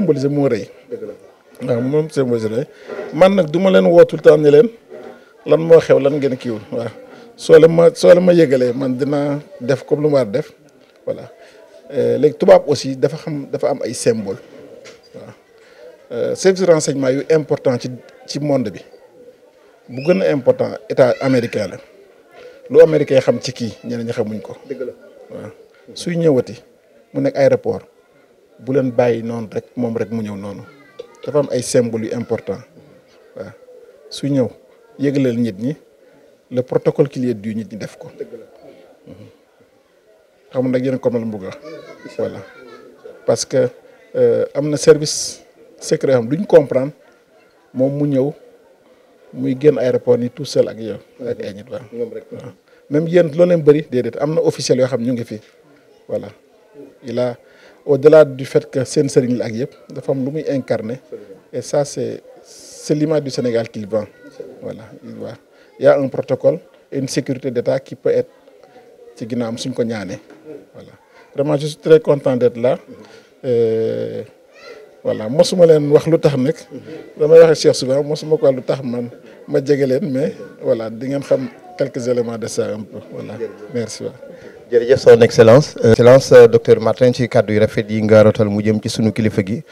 symboliser moo rëy waaw moom symboliser man nag du ma leen wootul te le temps leen lan moo xew lan ngeen kiiwul waaw soo leen ma soo leen ma yëgalee man dinaa def comme lu ma war def voilà euh, léegi tubaab aussi dafa xam dafa am ay symbole waaw euh, service renseignement yu important ci ci monde bi bu gën a important état américain la lu américain xam ci kii ñeneen ñi xamuñ ko waaw suy ñëwati mu nekk aéroport bu leen bàyyi noonu rek moom rek mu ñëw noonu dafa am ay symbole yu important waaw su ñëw yëgaleel nit ñi le protocole qu'il y a du nit ñi def ko mhm. xam nag yéen ko mel mbugga voilà parce que euh, am na service secret xam duñ comprendre moom mu ñëw muy génn aéroport ni tout seul ak yow ak ay nit waaw même yéen loo bëri déedéet am na officiel yoo xam ñu ngi fii voilà il a au-delà du fait seen sëriñ ak yëpp defam am lu muy incarné et ça c'est c'est l'image du Sénégal qu'il ya voilà il un protocole une sécurité d'État qui peut être ci am suñ ko ñaanee voilà vraiment je suis très content d'être là euh, mosuma leen wax lu tax nag damay waxe Cheikh souvent mosuma ko lu tax man ma jege leen mais voilà di ngeen xam quelques éléments de ça un peu voilà merci jërëjëf son excellence. Euh, excellence euh, docteur Martin ci kàddu yu rafet yi nga mu jëm ci sunu kilifa gi.